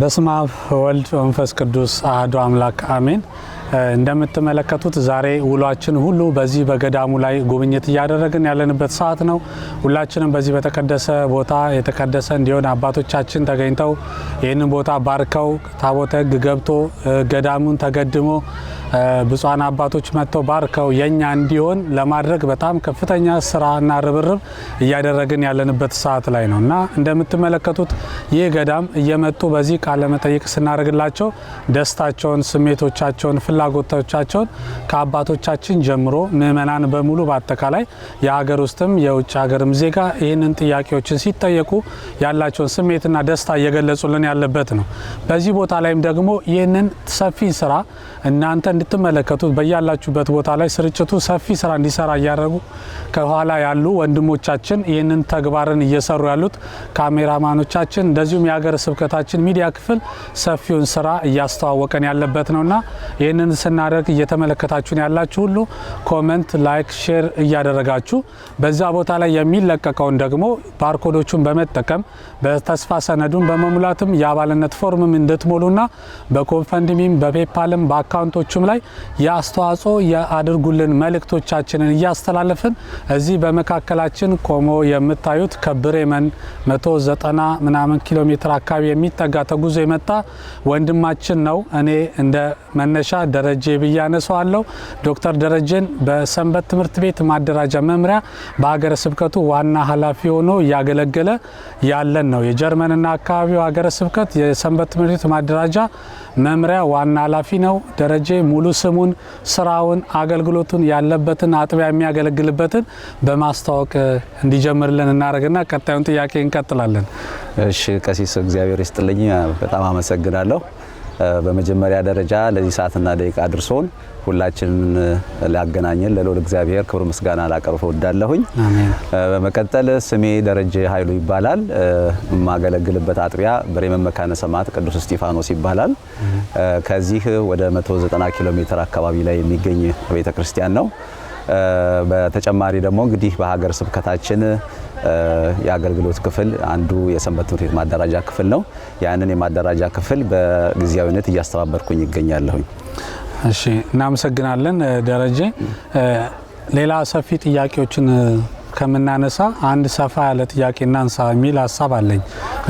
በስመ አብ ወልድ ወንፈስ ቅዱስ አህዶ አምላክ አሜን። እንደምትመለከቱት ዛሬ ውሏችን ሁሉ በዚህ በገዳሙ ላይ ጉብኝት እያደረግን ያለንበት ሰዓት ነው። ሁላችንም በዚህ በተቀደሰ ቦታ የተቀደሰ እንዲሆን አባቶቻችን ተገኝተው ይህንን ቦታ ባርከው ታቦተ ሕግ ገብቶ ገዳሙን ተገድሞ ብፁዓን አባቶች መጥተው ባርከው የኛ እንዲሆን ለማድረግ በጣም ከፍተኛ ስራና ርብርብ እያደረግን ያለንበት ሰዓት ላይ ነው እና እንደምትመለከቱት ይህ ገዳም እየመጡ በዚህ ቃለ መጠይቅ ስናደርግላቸው ደስታቸውን፣ ስሜቶቻቸውን፣ ፍላጎቶቻቸውን ከአባቶቻችን ጀምሮ ምእመናን በሙሉ በአጠቃላይ የሀገር ውስጥም የውጭ ሀገርም ዜጋ ይህንን ጥያቄዎችን ሲጠየቁ ያላቸውን ስሜትና ደስታ እየገለጹልን ያለበት ነው። በዚህ ቦታ ላይም ደግሞ ይህንን ሰፊ ስራ እናንተ እንድትመለከቱት በያላችሁበት ቦታ ላይ ስርጭቱ ሰፊ ስራ እንዲሰራ እያደረጉ ከኋላ ያሉ ወንድሞቻችን ይህንን ተግባርን እየሰሩ ያሉት ካሜራማኖቻችን፣ እንደዚሁም የሀገረ ስብከታችን ሚዲያ ክፍል ሰፊውን ስራ እያስተዋወቀን ያለበት ነውና ይህንን ስናደርግ እየተመለከታችሁን ያላችሁ ሁሉ ኮመንት፣ ላይክ፣ ሼር እያደረጋችሁ በዛ ቦታ ላይ የሚለቀቀውን ደግሞ ባርኮዶቹን በመጠቀም በተስፋ ሰነዱን በመሙላትም የአባልነት ፎርምም እንድትሞሉና በኮንፈንድሚም በፔፓልም በአካውንቶችም ላይ የአስተዋጽኦ የአድርጉልን መልእክቶቻችንን እያስተላለፍን እዚህ በመካከላችን ቆሞ የምታዩት ከብሬመን 190 ምናምን ኪሎ ሜትር አካባቢ የሚጠጋ ተጉዞ የመጣ ወንድማችን ነው። እኔ እንደ መነሻ ደረጀ ብዬ አነሳዋለሁ። ዶክተር ደረጀን በሰንበት ትምህርት ቤት ማደራጃ መምሪያ በሀገረ ስብከቱ ዋና ኃላፊ ሆኖ እያገለገለ ያለን ነው። የጀርመንና አካባቢው ሀገረ ስብከት የሰንበት ትምህርት ቤት ማደራጃ መምሪያ ዋና ኃላፊ ነው። ደረጀ ሙሉ ስሙን፣ ስራውን፣ አገልግሎቱን ያለበትን አጥቢያ የሚያገለግልበትን በማስተዋወቅ እንዲጀምርልን እናደርግና ቀጣዩን ጥያቄ እንቀጥላለን። እሺ ቀሲስ እግዚአብሔር ይስጥልኝ። በጣም አመሰግናለሁ። በመጀመሪያ ደረጃ ለዚህ ሰዓትና ደቂቃ አድርሶን ሁላችንን ሊያገናኘን ለልዑል እግዚአብሔር ክብር ምስጋና ላቀርብ እወዳለሁኝ። በመቀጠል ስሜ ደረጀ ኃይሉ ይባላል። የማገለግልበት አጥቢያ ብሬመን መካነ ሰማዕት ቅዱስ እስጢፋኖስ ይባላል። ከዚህ ወደ 190 ኪሎ ሜትር አካባቢ ላይ የሚገኝ ቤተ ክርስቲያን ነው። በተጨማሪ ደግሞ እንግዲህ በሀገር ስብከታችን የአገልግሎት ክፍል አንዱ የሰንበት ትምህርት ቤት ማደራጃ ክፍል ነው። ያንን የማደራጃ ክፍል በጊዜያዊነት እያስተባበርኩኝ ይገኛለሁኝ። እሺ፣ እናመሰግናለን ደረጀ። ሌላ ሰፊ ጥያቄዎችን ከምናነሳ አንድ ሰፋ ያለ ጥያቄ እናንሳ የሚል ሀሳብ አለኝ።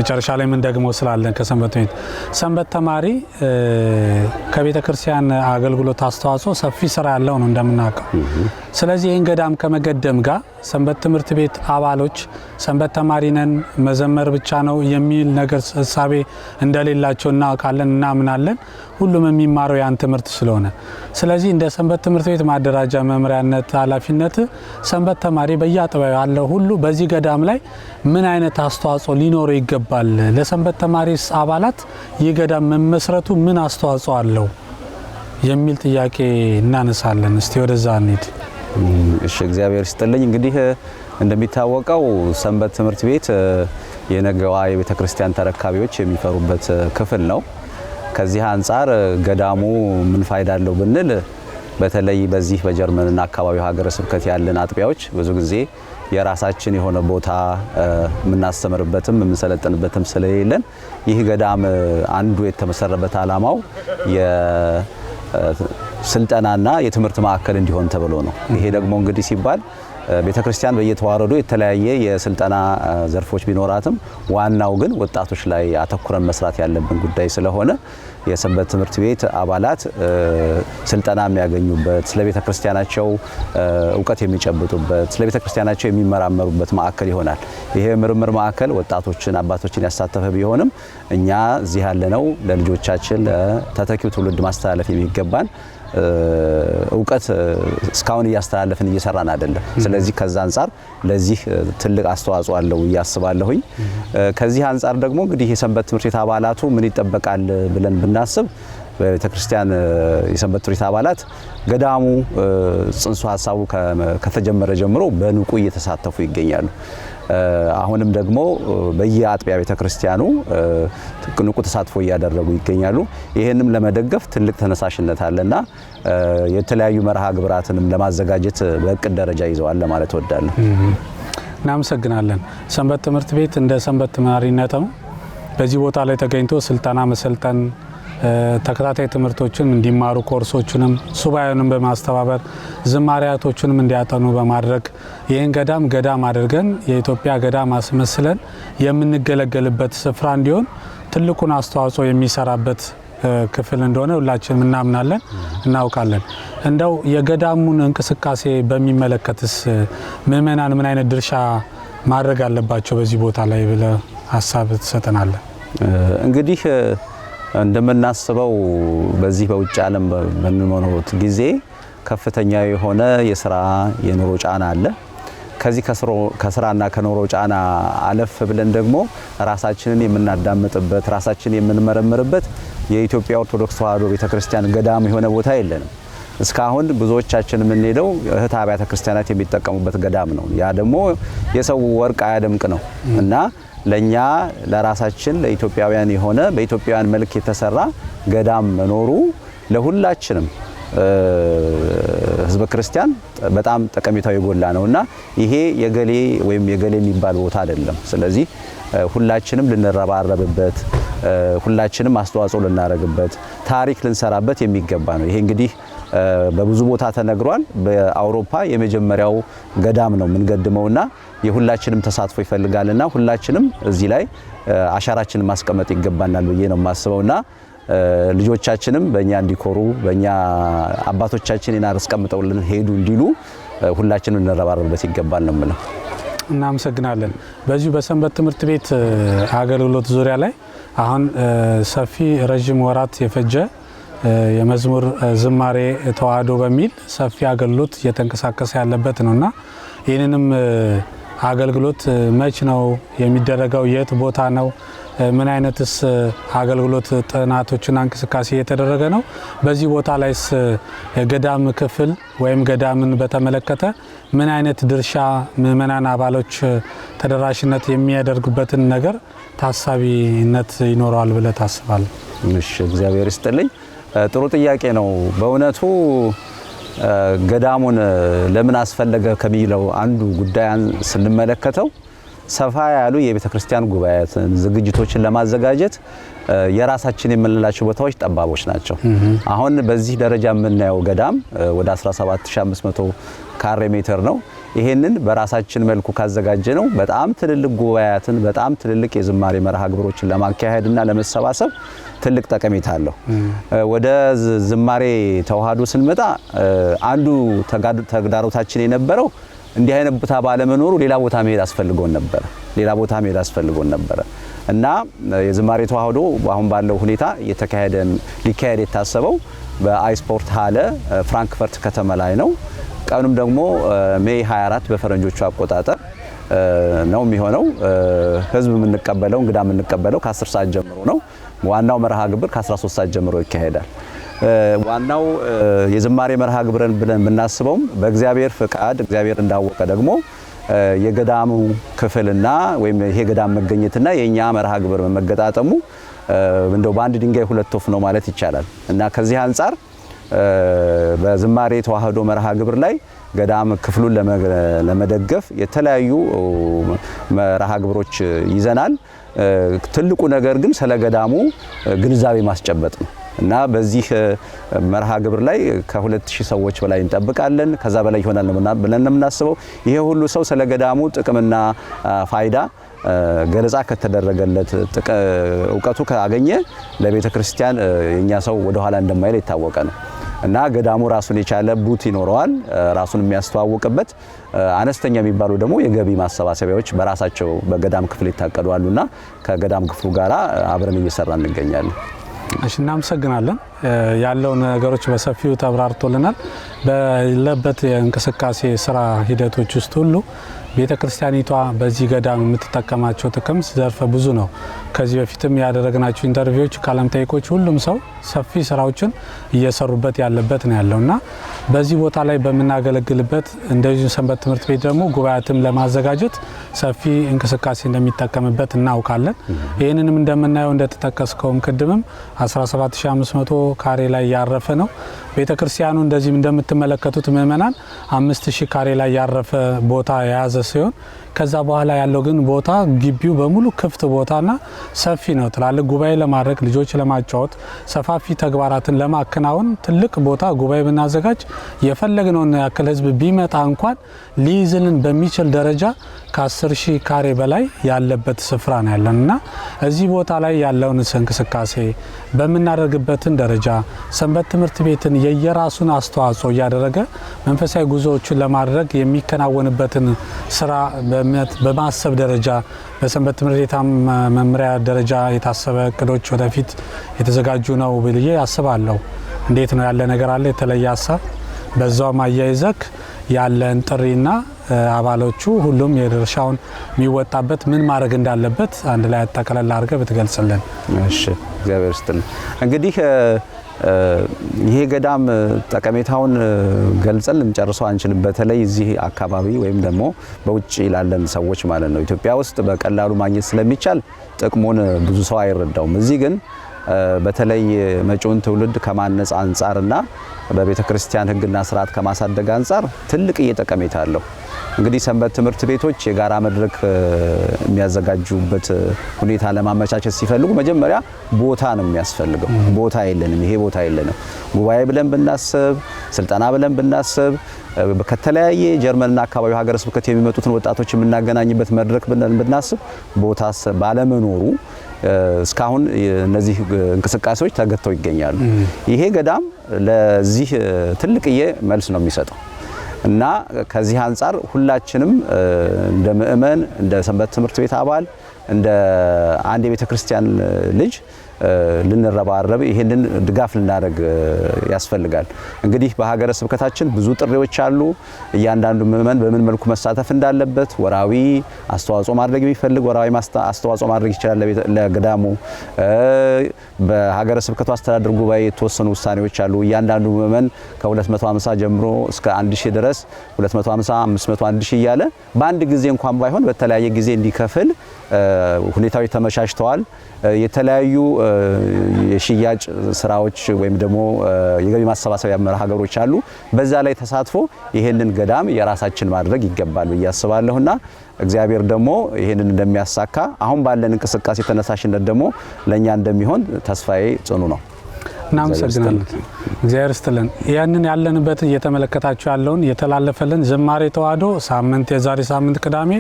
መጨረሻ ላይ ምን ደግሞ ስላለን ከሰንበት ቤት ሰንበት ተማሪ ከቤተ ክርስቲያን አገልግሎት አስተዋጽኦ ሰፊ ስራ ያለው ነው እንደምናውቀው። ስለዚህ ይህን ገዳም ከመገደም ጋር ሰንበት ትምህርት ቤት አባሎች ሰንበት ተማሪ ነን መዘመር ብቻ ነው የሚል ነገር እሳቤ እንደሌላቸው እናውቃለን፣ እናምናለን። ሁሉም የሚማረው ያን ትምህርት ስለሆነ ስለዚህ እንደ ሰንበት ትምህርት ቤት ማደራጃ መምሪያነት ኃላፊነት ሰንበት ተማሪ በየአጥቢያው ያለው ሁሉ በዚህ ገዳም ላይ ምን አይነት አስተዋጽኦ ሊኖረው ይገባል ይገባል? ለሰንበት ተማሪስ አባላት ይህ ገዳም መመስረቱ ምን አስተዋጽኦ አለው የሚል ጥያቄ እናነሳለን። እስቲ ወደዛ እንሂድ። እሺ፣ እግዚአብሔር ይስጥልኝ። እንግዲህ እንደሚታወቀው ሰንበት ትምህርት ቤት የነገዋ የቤተ ክርስቲያን ተረካቢዎች የሚፈሩበት ክፍል ነው። ከዚህ አንጻር ገዳሙ ምን ፋይዳ አለው ብንል በተለይ በዚህ በጀርመንና አካባቢው ሀገረ ስብከት ያለን አጥቢያዎች ብዙ ጊዜ የራሳችን የሆነ ቦታ የምናስተምርበትም የምንሰለጥንበትም ስለሌለን ይህ ገዳም አንዱ የተመሰረበት ዓላማው የስልጠናና የትምህርት ማዕከል እንዲሆን ተብሎ ነው። ይሄ ደግሞ እንግዲህ ሲባል ቤተ ክርስቲያን በየተዋረዱ የተለያየ የስልጠና ዘርፎች ቢኖራትም ዋናው ግን ወጣቶች ላይ አተኩረን መስራት ያለብን ጉዳይ ስለሆነ የሰንበት ትምህርት ቤት አባላት ስልጠና የሚያገኙበት ስለ ቤተ ክርስቲያናቸው እውቀት የሚጨብጡበት ስለ ቤተ ክርስቲያናቸው የሚመራመሩበት ማዕከል ይሆናል። ይሄ ምርምር ማዕከል ወጣቶችን፣ አባቶችን ያሳተፈ ቢሆንም እኛ እዚህ ያለነው ለልጆቻችን ለተተኪው ትውልድ ማስተላለፍ የሚገባን እውቀት እስካሁን እያስተላለፍን እየሰራን አይደለም። ስለዚህ ከዛ አንጻር ለዚህ ትልቅ አስተዋጽኦ አለው እያስባለሁኝ። ከዚህ አንጻር ደግሞ እንግዲህ የሰንበት ትምህርት ቤት አባላቱ ምን ይጠበቃል ብለን ብናስብ በቤተክርስቲያን የሰንበት ትምህርት አባላት ገዳሙ ጽንሰ ሀሳቡ ከተጀመረ ጀምሮ በንቁ እየተሳተፉ ይገኛሉ። አሁንም ደግሞ በየአጥቢያ ቤተክርስቲያኑ ንቁ ተሳትፎ እያደረጉ ይገኛሉ። ይህንም ለመደገፍ ትልቅ ተነሳሽነት አለና የተለያዩ መርሃ ግብራትንም ለማዘጋጀት በእቅድ ደረጃ ይዘዋል ለማለት እወዳለሁ። እናመሰግናለን። ሰንበት ትምህርት ቤት እንደ ሰንበት ተማሪነት በዚህ ቦታ ላይ ተገኝቶ ስልጠና መሰልጠን ተከታታይ ትምህርቶችን እንዲማሩ ኮርሶችንም ሱባኤንም በማስተባበር ዝማሪያቶቹንም እንዲያጠኑ በማድረግ ይህን ገዳም ገዳም አድርገን የኢትዮጵያ ገዳም አስመስለን የምንገለገልበት ስፍራ እንዲሆን ትልቁን አስተዋጽኦ የሚሰራበት ክፍል እንደሆነ ሁላችንም እናምናለን፣ እናውቃለን። እንደው የገዳሙን እንቅስቃሴ በሚመለከትስ ምእመናን ምን አይነት ድርሻ ማድረግ አለባቸው በዚህ ቦታ ላይ ብለ ሀሳብ ትሰጠናለን እንግዲህ እንደምናስበው በዚህ በውጭ ዓለም በምንኖርበት ጊዜ ከፍተኛ የሆነ የስራ የኑሮ ጫና አለ። ከዚህ ከስራና ከኑሮ ጫና አለፍ ብለን ደግሞ ራሳችንን የምናዳምጥበት ራሳችንን የምንመረምርበት የኢትዮጵያ ኦርቶዶክስ ተዋሕዶ ቤተክርስቲያን ገዳም የሆነ ቦታ የለንም። እስካሁን ብዙዎቻችን የምንሄደው እህት አብያተ ክርስቲያናት የሚጠቀሙበት ገዳም ነው። ያ ደግሞ የሰው ወርቅ አያደምቅ ነው እና ለኛ ለራሳችን ለኢትዮጵያውያን የሆነ በኢትዮጵያውያን መልክ የተሰራ ገዳም መኖሩ ለሁላችንም ህዝበ ክርስቲያን በጣም ጠቀሜታው የጎላ ነው እና ይሄ የገሌ ወይም የገሌ የሚባል ቦታ አይደለም። ስለዚህ ሁላችንም ልንረባረብበት፣ ሁላችንም አስተዋጽኦ ልናደርግበት፣ ታሪክ ልንሰራበት የሚገባ ነው። ይሄ እንግዲህ በብዙ ቦታ ተነግሯል። በአውሮፓ የመጀመሪያው ገዳም ነው የምንገድመውና የሁላችንም ተሳትፎ ይፈልጋልና ሁላችንም እዚህ ላይ አሻራችንን ማስቀመጥ ይገባናል ብዬ ነው የማስበውና ልጆቻችንም በእኛ እንዲኮሩ በእኛ አባቶቻችን ና አስቀምጠውልን ሄዱ እንዲሉ ሁላችንም ልንረባረብበት ይገባል ነው ምለው። እናመሰግናለን። በዚሁ በሰንበት ትምህርት ቤት አገልግሎት ዙሪያ ላይ አሁን ሰፊ ረዥም ወራት የፈጀ የመዝሙር ዝማሬ ተዋህዶ በሚል ሰፊ አገልግሎት እየተንቀሳቀሰ ያለበት እና ይህንንም አገልግሎት መች ነው የሚደረገው? የት ቦታ ነው? ምን አይነትስ አገልግሎት ጥናቶችና እንቅስቃሴ እየተደረገ ነው? በዚህ ቦታ ላይስ ገዳም ክፍል ወይም ገዳምን በተመለከተ ምን አይነት ድርሻ ምእመናን አባሎች ተደራሽነት የሚያደርጉበትን ነገር ታሳቢነት ይኖረዋል ብለ ታስባል? እሺ፣ እግዚአብሔር ይስጥልኝ። ጥሩ ጥያቄ ነው። በእውነቱ ገዳሙን ለምን አስፈለገ ከሚለው አንዱ ጉዳይ ስንመለከተው ሰፋ ያሉ የቤተ ክርስቲያን ጉባኤያትን ዝግጅቶችን ለማዘጋጀት የራሳችን የምንላቸው ቦታዎች ጠባቦች ናቸው። አሁን በዚህ ደረጃ የምናየው ገዳም ወደ 17500 ካሬ ሜትር ነው። ይሄንን በራሳችን መልኩ ካዘጋጀ ነው በጣም ትልልቅ ጉባኤያትን በጣም ትልልቅ የዝማሬ መርሃ ግብሮችን ለማካሄድና ለመሰባሰብ ትልቅ ጠቀሜታ አለው። ወደ ዝማሬ ተዋህዶ ስንመጣ አንዱ ተግዳሮታችን የነበረው እንዲህ አይነት ቦታ ባለመኖሩ ሌላ ቦታ መሄድ አስፈልጎን ነበረ ሌላ ቦታ መሄድ አስፈልጎን ነበረ እና የዝማሬ ተዋህዶ አሁን ባለው ሁኔታ ሊካሄድ የታሰበው በአይስፖርት ሀለ ፍራንክፈርት ከተማ ላይ ነው። ቀኑም ደግሞ ሜይ 24 በፈረንጆቹ አቆጣጠር ነው የሚሆነው። ህዝብ የምንቀበለው እንግዳ የምንቀበለው ከ10 ሰዓት ጀምሮ ነው። ዋናው መርሃ ግብር ከ13 ሰዓት ጀምሮ ይካሄዳል። ዋናው የዝማሬ መርሃ ግብርን ብለን ብናስበውም በእግዚአብሔር ፍቃድ እግዚአብሔር እንዳወቀ ደግሞ የገዳሙ ክፍልና ወይም ይሄ ገዳም መገኘትና የእኛ መርሃ ግብር መገጣጠሙ እንደው በአንድ ድንጋይ ሁለት ወፍ ነው ማለት ይቻላል እና ከዚህ አንጻር በዝማሬ ተዋህዶ መርሃ ግብር ላይ ገዳም ክፍሉን ለመደገፍ የተለያዩ መርሃ ግብሮች ይዘናል። ትልቁ ነገር ግን ስለ ገዳሙ ግንዛቤ ማስጨበጥ ነው እና በዚህ መርሃ ግብር ላይ ከሁለት 2000 ሰዎች በላይ እንጠብቃለን። ከዛ በላይ ይሆናል ብለን የምናስበው። ይሄ ሁሉ ሰው ስለ ገዳሙ ጥቅምና ፋይዳ ገለጻ ከተደረገለት እውቀቱ ካገኘ ለቤተ ክርስቲያን የእኛ ሰው ወደኋላ እንደማይል የታወቀ ነው። እና ገዳሙ ራሱን የቻለ ቡት ይኖረዋል፣ ራሱን የሚያስተዋውቅበት። አነስተኛ የሚባሉ ደግሞ የገቢ ማሰባሰቢያዎች በራሳቸው በገዳም ክፍል ይታቀዱ አሉና ከገዳም ክፍሉ ጋር አብረን እየሰራ እንገኛለን። እሺ፣ እናመሰግናለን። ያለው ነገሮች በሰፊው ተብራርቶልናል። በለበት የእንቅስቃሴ ስራ ሂደቶች ውስጥ ሁሉ ቤተ ክርስቲያኒቷ በዚህ ገዳም የምትጠቀማቸው ጥቅም ዘርፈ ብዙ ነው። ከዚህ በፊትም ያደረግናቸው ኢንተርቪዎች፣ ቃለም ጠይቆች ሁሉም ሰው ሰፊ ስራዎችን እየሰሩበት ያለበት ነው ያለው እና በዚህ ቦታ ላይ በምናገለግልበት እንደዚሁ ሰንበት ትምህርት ቤት ደግሞ ጉባኤትም ለማዘጋጀት ሰፊ እንቅስቃሴ እንደሚጠቀምበት እናውቃለን። ይህንንም እንደምናየው እንደተጠቀስከውም ቅድምም 17500 ካሬ ላይ ያረፈ ነው። ቤተ ክርስቲያኑ እንደዚህም እንደምትመለከቱት ምእመናን 5000 ካሬ ላይ ያረፈ ቦታ የያዘ ሲሆን ከዛ በኋላ ያለው ግን ቦታ ግቢው በሙሉ ክፍት ቦታና ሰፊ ነው። ትላልቅ ጉባኤ ለማድረግ ልጆች ለማጫወት ሰፋፊ ተግባራትን ለማከናወን ትልቅ ቦታ ጉባኤ ብናዘጋጅ የፈለግነውን ያክል ህዝብ ቢመጣ እንኳን ሊይዝልን በሚችል ደረጃ ከ10 ሺህ ካሬ በላይ ያለበት ስፍራ ነው ያለን እና እዚህ ቦታ ላይ ያለውን እንቅስቃሴ በምናደርግበትን ደረጃ ሰንበት ትምህርት ቤትን የየራሱን አስተዋጽኦ እያደረገ መንፈሳዊ ጉዞዎችን ለማድረግ የሚከናወንበትን ስራ በማሰብ ደረጃ በሰንበት ትምህርት ቤት መምሪያ ደረጃ የታሰበ እቅዶች ወደፊት የተዘጋጁ ነው ብዬ አስባለሁ። እንዴት ነው ያለ ነገር አለ የተለየ ሀሳብ በዛውም አያይዘክ ያለን ጥሪና አባሎቹ ሁሉም የድርሻውን የሚወጣበት ምን ማድረግ እንዳለበት አንድ ላይ አጠቃለል አድርገ ብትገልጽልን። እሺ፣ እግዚአብሔር ስጥልን እንግዲህ ይሄ ገዳም ጠቀሜታውን ገልጸን ልንጨርሰው አንችልም። በተለይ እዚህ አካባቢ ወይም ደግሞ በውጭ ላለን ሰዎች ማለት ነው። ኢትዮጵያ ውስጥ በቀላሉ ማግኘት ስለሚቻል ጥቅሙን ብዙ ሰው አይረዳውም። እዚህ ግን በተለይ መጪውን ትውልድ ከማነጽ አንጻርና በቤተ ክርስቲያን ሕግና ስርዓት ከማሳደግ አንጻር ትልቅ እየጠቀሜታ አለው። እንግዲህ ሰንበት ትምህርት ቤቶች የጋራ መድረክ የሚያዘጋጁበት ሁኔታ ለማመቻቸት ሲፈልጉ መጀመሪያ ቦታ ነው የሚያስፈልገው። ቦታ የለንም፣ ይሄ ቦታ የለንም። ጉባኤ ብለን ብናስብ፣ ስልጠና ብለን ብናስብ፣ ከተለያየ ጀርመንና አካባቢው ሀገረ ስብከት የሚመጡትን ወጣቶች የምናገናኝበት መድረክ ብለን ብናስብ ቦታ ባለመኖሩ እስካሁን እነዚህ እንቅስቃሴዎች ተገተው ይገኛሉ። ይሄ ገዳም ለዚህ ትልቅዬ መልስ ነው የሚሰጠው እና ከዚህ አንጻር ሁላችንም እንደ ምእመን፣ እንደ ሰንበት ትምህርት ቤት አባል፣ እንደ አንድ የቤተ ክርስቲያን ልጅ ልንረባረብ ይሄንን ድጋፍ ልናደርግ ያስፈልጋል። እንግዲህ በሀገረ ስብከታችን ብዙ ጥሪዎች አሉ። እያንዳንዱ ምእመን በምን መልኩ መሳተፍ እንዳለበት ወራዊ አስተዋጽኦ ማድረግ የሚፈልግ ወራዊ አስተዋጽኦ ማድረግ ይችላል። ለገዳሙ በሀገረ ስብከቱ አስተዳደር ጉባኤ የተወሰኑ ውሳኔዎች አሉ። እያንዳንዱ ምእመን ከ250 ጀምሮ እስከ 1000 ድረስ 250፣ 500፣ 1000 እያለ በአንድ ጊዜ እንኳን ባይሆን በተለያየ ጊዜ እንዲከፍል ሁኔታዎች ተመቻችተዋል። የተለያዩ የሽያጭ ስራዎች ወይም ደግሞ የገቢ ማሰባሰቢያ መርሃ ግብሮች አሉ። በዛ ላይ ተሳትፎ ይህንን ገዳም የራሳችን ማድረግ ይገባል ብዬ አስባለሁና እግዚአብሔር ደግሞ ይህንን እንደሚያሳካ አሁን ባለን እንቅስቃሴ ተነሳሽነት ደግሞ ለእኛ እንደሚሆን ተስፋዬ ጽኑ ነው። እናመሰግናለን። እግዚአብሔር ስትለን ያንን ያለንበት እየተመለከታችሁ ያለውን የተላለፈልን ዝማሬ ተዋህዶ ሳምንት የዛሬ ሳምንት ቅዳሜ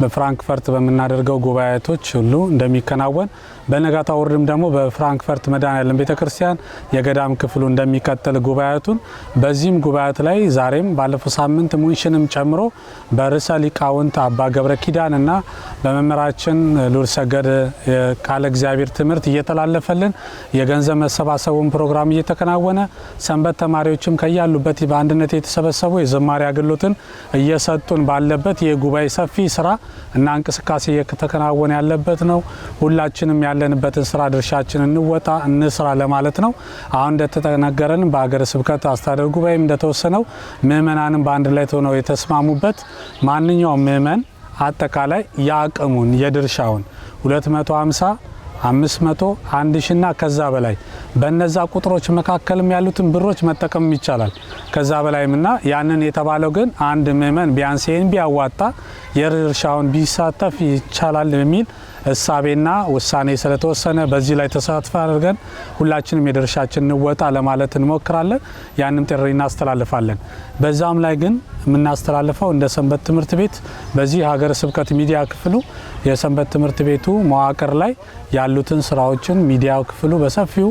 በፍራንክፈርት በምናደርገው ጉባኤቶች ሁሉ እንደሚከናወን በነጋታ ወርድም ደግሞ በፍራንክፈርት መድኃኔዓለም ቤተክርስቲያን የገዳም ክፍሉ እንደሚቀጥል ጉባኤቱን በዚህም ጉባኤት ላይ ዛሬም ባለፈው ሳምንት ሙንሽንም ጨምሮ በርዕሰ ሊቃውንት አባ ገብረ ኪዳንና በመምህራችን ሉል ሰገድ ቃለ እግዚአብሔር ትምህርት እየተላለፈልን የገንዘብ መሰባሰቡን ፕሮግራም እየተከናወነ ሰንበት ተማሪዎችም ከያሉበት በአንድነት የተሰበሰቡ የዘማሪ አገልግሎትን እየሰጡን ባለበት የጉባኤ ሰፊ ስራ እና እንቅስቃሴ እየተከናወነ ያለበት ነው። ሁላችንም ያለንበትን ስራ ድርሻችን እንወጣ እንስራ ለማለት ነው። አሁን እንደተነገረን በሀገረ ስብከት አስተዳደር ጉባኤም እንደተወሰነው ምእመናንም በአንድ ላይ ሆነው የተስማሙበት ማንኛውም ምእመን አጠቃላይ የአቅሙን የድርሻውን 250 500 መቶ አንድ ሺና ከዛ በላይ በነዛ ቁጥሮች መካከልም ያሉትን ብሮች መጠቀም ይቻላል። ከዛ በላይም ና ያንን የተባለው ግን አንድ ምእመን ቢያንስ ይህን ቢያዋጣ የድርሻውን ቢሳተፍ ይቻላል የሚል እሳቤና ውሳኔ ስለተወሰነ በዚህ ላይ ተሳትፎ አድርገን ሁላችንም የድርሻችን እንወጣ ለማለት እንሞክራለን። ያንም ጥሪ እናስተላልፋለን። በዛም ላይ ግን የምናስተላልፈው እንደ ሰንበት ትምህርት ቤት በዚህ ሀገረ ስብከት ሚዲያ ክፍሉ የሰንበት ትምህርት ቤቱ መዋቅር ላይ ያሉትን ስራዎችን ሚዲያ ክፍሉ በሰፊው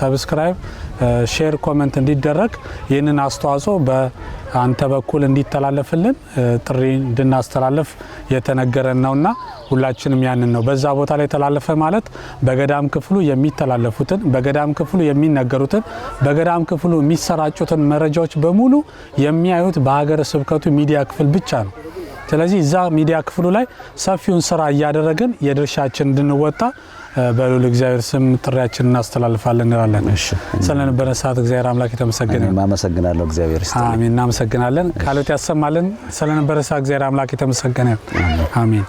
ሰብስክራይብ ሼር ኮመንት እንዲደረግ ይህንን አስተዋጽኦ በአንተ በኩል እንዲተላለፍልን ጥሪ እንድናስተላልፍ የተነገረን ነውና ሁላችንም ያንን ነው በዛ ቦታ ላይ ተላለፈ ማለት በገዳም ክፍሉ የሚተላለፉትን በገዳም ክፍሉ የሚነገሩትን በገዳም ክፍሉ የሚሰራጩትን መረጃዎች በሙሉ የሚያዩት በሀገረ ስብከቱ ሚዲያ ክፍል ብቻ ነው። ስለዚህ እዛ ሚዲያ ክፍሉ ላይ ሰፊውን ስራ እያደረግን የድርሻችን እንድንወጣ በሉል እግዚአብሔር ስም ጥሪያችን እናስተላልፋለን እንላለን። ስለነበረ ሰዓት እግዚአብሔር አምላክ የተመሰገነ አመሰግናለሁ። እግዚአብሔር ይስጥ። አሜን። እናመሰግናለን። ቃሎት ያሰማልን። ስለነበረ ሰዓት እግዚአብሔር አምላክ የተመሰገነ አሜን።